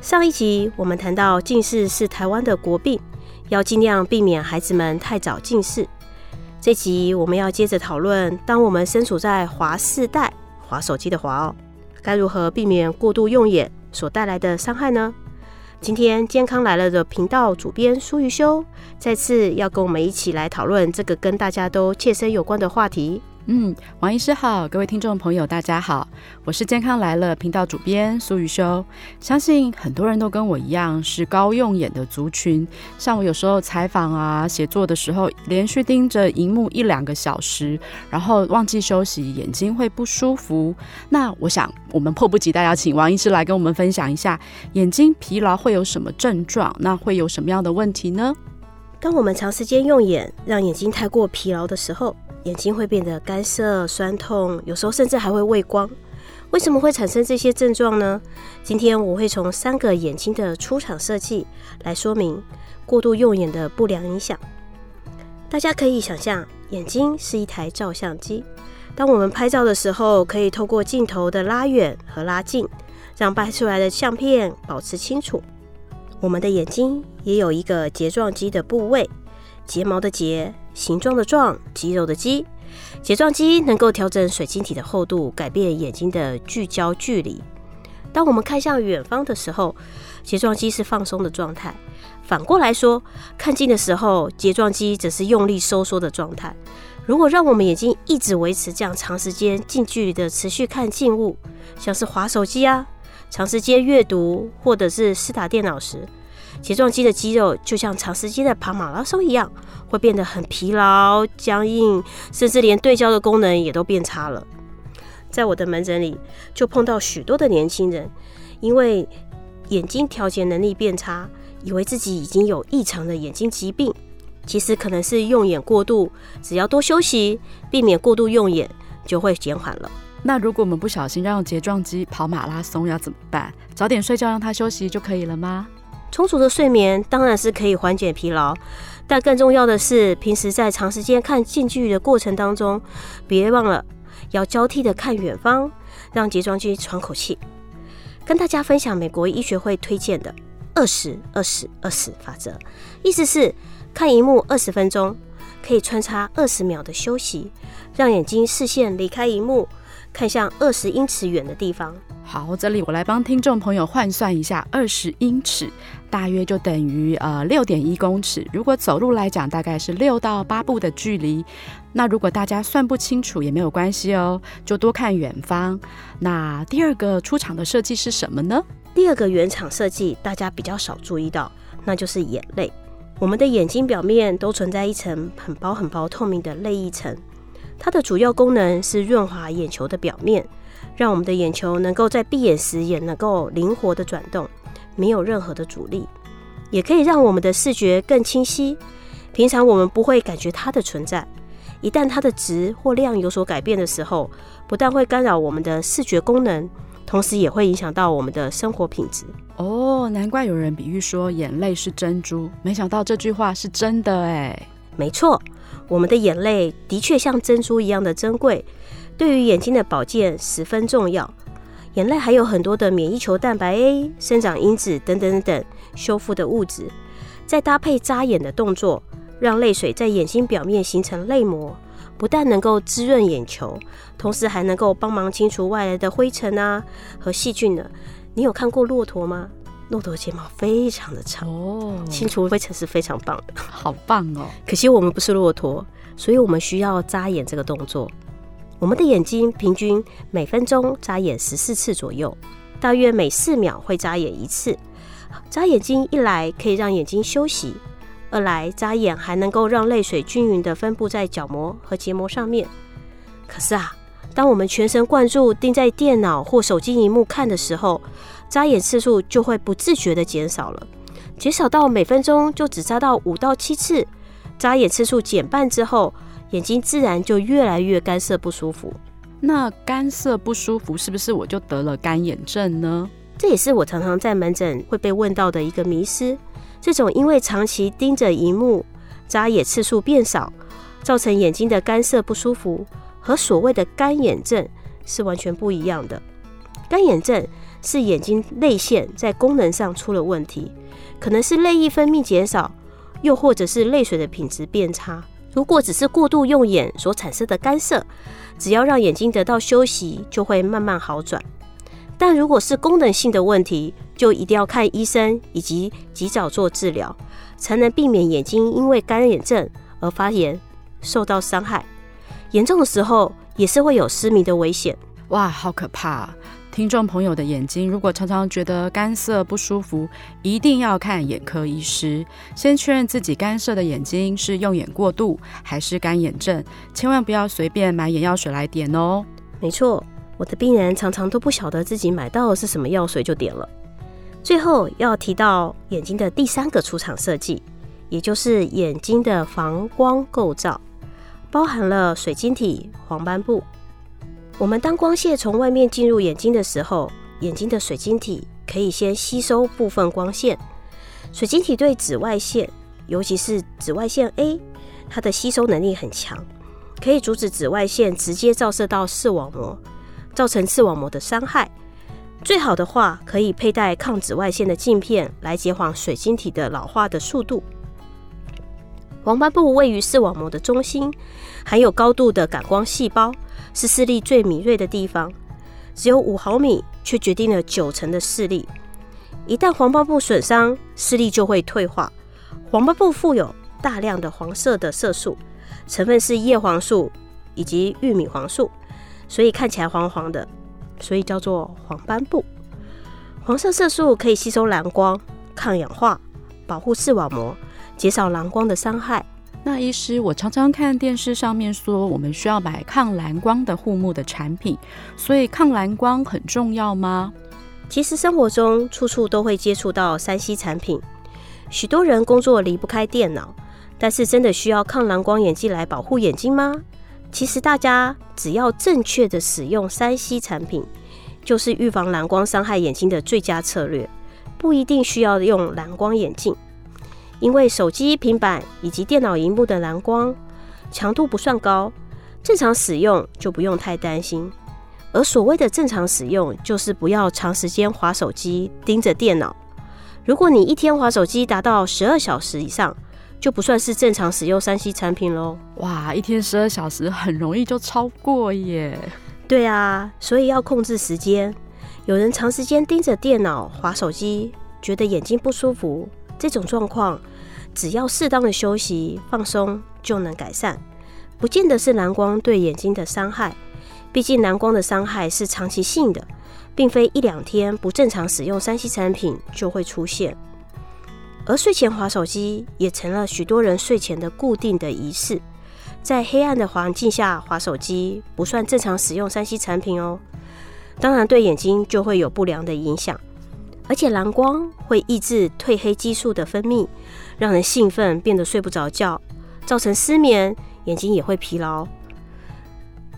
上一集，我們談到近視是台灣的國病，要盡量避免孩子們太早近視。這集我們要接着討論，當我們身處在滑世代、滑手機的滑哦，該如何避免過度用眼所帶來的傷害呢？今天健康來了的頻道主編蘇於修再次要跟我們一起來討論這個跟大家都切身有關的話題。嗯，王醫師好，各位聽眾朋友大家好，我是健康萊了頻道主編蘇瑜修。相信很多人都跟我一樣是高用眼的族群，像我有時候採訪啊、寫作的時候，連續盯着熒幕一兩個小時，然後忘記休息，眼睛會不舒服。那我想我們迫不及待要請王醫師來跟我們分享一下，眼睛疲勞會有什麼症狀？那會有什麼樣的問題呢？當我們長時間用眼，讓眼睛太過疲勞的時候。眼睛會變得乾澀、痠痛，有時候甚至還會畏光。為什麼會產生這些症狀呢？今天我會從三個眼睛的出廠設計來說明過度用眼的不良影響。大家可以想象，眼睛是一台照相機。當我們拍照的時候，可以透過鏡頭的拉遠和拉近，讓拍出來的相片保持清楚。我們的眼睛也有一個睫狀肌的部位，睫毛的睫。形狀的狀，肌肉的肌，睫狀肌能夠調整水晶體的厚度，改變眼睛的聚焦距離。當我們看向遠方的時候，睫狀肌是放鬆的狀態；反過來說，看近的時候，睫狀肌則是用力收縮的狀態。如果讓我們眼睛一直維持這樣長時間近距離的持續看近物，像是滑手機啊，長時間閱讀或者是視打電腦時。睫狀肌的肌肉就像長時間的跑馬拉松一樣，會變得很疲勞、僵硬，甚至連對焦的功能也都變差了。在我的門診裡，就碰到許多的年輕人，因為眼睛調節能力變差，以為自己已經有異常的眼睛疾病，其實可能是用眼過度，只要多休息，避免過度用眼，就會減緩了。那如果我們不小心讓睫狀肌跑馬拉松，要怎麼辦？早點睡覺，讓它休息就可以了嗎？充足的睡眠當然是可以緩解疲勞，但更重要的是，平時在長時間看近距離的過程當中，別忘了要交替的看遠方，讓睫狀肌喘口氣。跟大家分享美國醫學會推薦的二十二十二十法則，意思是看熒幕二十分鐘，可以穿插二十秒的休息，讓眼睛視線離開熒幕看向二十英尺遠的地方。好，這裡我來幫聽眾朋友換算一下，二十英尺大約就等於呃六點一公尺。如果走路來講，大概是六到八步的距離。那如果大家算不清楚也沒有關係哦，就多看遠方。那第二個出廠的設計是什麼呢？第二個原廠設計大家比較少注意到，那就是眼淚。我們的眼睛表面都存在一層很薄很薄透明的淚液層。它的主要功能是潤滑眼球的表面，讓我們的眼球能夠在閉眼時也能夠靈活地轉動，沒有任何的阻力，也可以讓我們的視覺更清晰。平常我們不會感覺它的存在，一旦它的質或量有所改變的時候，不但會干擾我們的視覺功能，同時也會影響到我們的生活品質。哦，難怪有人比喻說眼淚是珍珠，沒想到這句話是真的哎。沒錯，我們的眼淚的確像珍珠一樣的珍貴，對於眼睛的保健十分重要。眼淚還有很多的免疫球蛋白 A、生長因子等等等修復的物質。再搭配眨眼的動作，讓淚水在眼睛表面形成淚膜，不但能夠滋潤眼球，同時還能夠幫忙清除外來的灰塵啊和細菌呢。你有看過駱駝嗎？駱駝睫毛非常的長哦，oh, 清除灰塵是非常棒的，好棒哦！可惜我們不是駱駝，所以我們需要眨眼這個動作。我們的眼睛平均每分鐘眨眼十四次左右，大約每四秒會眨眼一次。眨眼睛一來可以讓眼睛休息，二來眨眼還能夠讓淚水均勻的分布在角膜和結膜上面。可是啊，當我們全神貫注盯在電腦或手機熒幕看的時候，眨眼次數就會不自覺的減少了，減少到每分鐘就只眨到五到七次。眨眼次數減半之後，眼睛自然就越來越乾澀不舒服。那乾澀不舒服是不是我就得了乾眼症呢？這也是我常常在門診會被問到的一個迷思。這種因為長期盯着熒幕，眨眼次數變少，造成眼睛的乾澀不舒服。和所謂的乾眼症是完全不一樣的。乾眼症是眼睛淚腺在功能上出了問題，可能是淚液分泌減少，又或者是淚水的品質變差。如果只是過度用眼所產生的乾澀，只要讓眼睛得到休息，就會慢慢好轉。但如果是功能性的問題，就一定要看醫生，以及及早做治療，才能避免眼睛因為乾眼症而發炎，受到傷害。嚴重的時候也是會有失明的危險，哇，好可怕啊！聽眾朋友的眼睛如果常常覺得乾澀不舒服，一定要看眼科醫師，先確認自己乾澀的眼睛是用眼過度還是乾眼症，千萬不要隨便買眼藥水來點哦。沒錯，我的病人常常都不曉得自己買到的是什麼藥水就點了。最後要提到眼睛的第三個出廠設計，也就是眼睛的防光構造。包含了水晶體、黃斑部。我們當光線從外面進入眼睛的時候，眼睛的水晶體可以先吸收部分光線。水晶體對紫外線，尤其是紫外線 A，它的吸收能力很強，可以阻止紫外線直接照射到視網膜，造成視網膜的傷害。最好的話，可以佩戴抗紫外線的鏡片來減緩水晶體的老化的速度。黃斑部位於視網膜的中心，含有高度的感光細胞，是視力最敏銳的地方。只有五毫米，卻決定了九成的視力。一旦黃斑部損傷，視力就會退化。黃斑部富有大量的黃色的色素，成分是葉黃素以及玉米黃素，所以看起來黃黃的，所以叫做黃斑部。黃色色素可以吸收藍光，抗氧化，保護視網膜。減少藍光的傷害。那醫師，我常常看電視上面說，我們需要買抗藍光的護目的產品，所以抗藍光很重要嗎？其實生活中處處都會接觸到三 C 產品，許多人工作離不開電腦，但是真的需要抗藍光眼鏡來保護眼睛嗎？其實大家只要正確的使用三 C 產品，就是預防藍光傷害眼睛的最佳策略，不一定需要用藍光眼鏡。因為手機、平板，以及電腦螢幕的藍光強度不算高，正常使用就不用太擔心。而所謂的正常使用，就是不要長時間滑手機、盯着電腦。如果你一天滑手機達到十二小時以上，就不算是正常使用三 C 產品嘍。哇，一天十二小時很容易就超過耶。對啊，所以要控制時間。有人長時間盯着電腦、滑手機，覺得眼睛不舒服。這種狀況，只要適當的休息放鬆就能改善，不見得是藍光對眼睛的傷害。畢竟藍光的傷害是長期性的，並非一兩天不正常使用 3C 產品就會出現。而睡前滑手機也成了許多人睡前的固定的儀式，在黑暗的環境下滑手機不算正常使用 3C 產品哦，當然對眼睛就會有不良的影響。而且藍光會抑制褪黑激素的分泌，讓人興奮，變得睡不着覺，造成失眠，眼睛也會疲勞。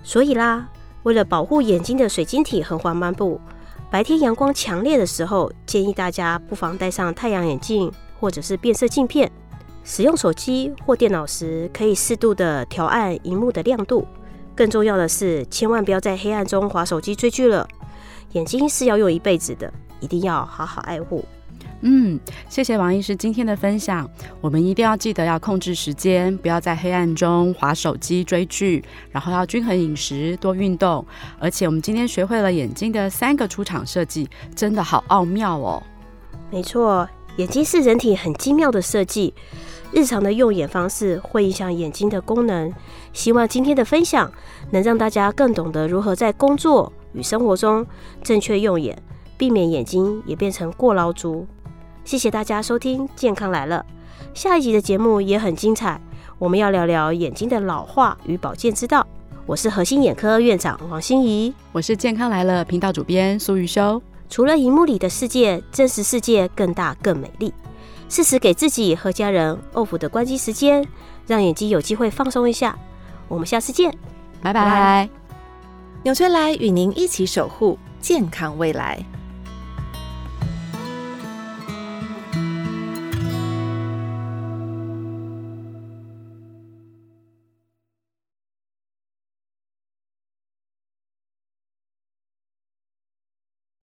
所以啦，為了保護眼睛的水晶體和黃斑部，白天陽光強烈的時候，建議大家不妨戴上太陽眼鏡或者是變色鏡片。使用手機或電腦時，可以適度的調暗熒幕的亮度。更重要的是，千萬不要在黑暗中滑手機追劇了，眼睛是要用一輩子的。一定要好好愛護。嗯，謝謝王醫師今天的分享。我們一定要記得要控制時間，不要在黑暗中滑手機追劇，然後要均衡飲食、多運動。而且我們今天學會了眼睛的三個出廠設計，真的好奧妙哦！沒錯，眼睛是人體很精妙的設計。日常的用眼方式會影響眼睛的功能。希望今天的分享能讓大家更懂得如何在工作與生活中正確用眼。避免眼睛也變成過勞族。謝謝大家收聽《健康來了》，下一集的節目也很精彩，我們要聊聊眼睛的老化與保健之道。我是禾馨眼科院長王馨儀，我是《健康來了》頻道主編蘇玉修。除了熒幕裡的世界，真實世界更大更美麗。適時給自己和家人 OFF 的關機時間，讓眼睛有機會放鬆一下。我們下次見，拜拜。紐崔萊與您一起守護健康未來。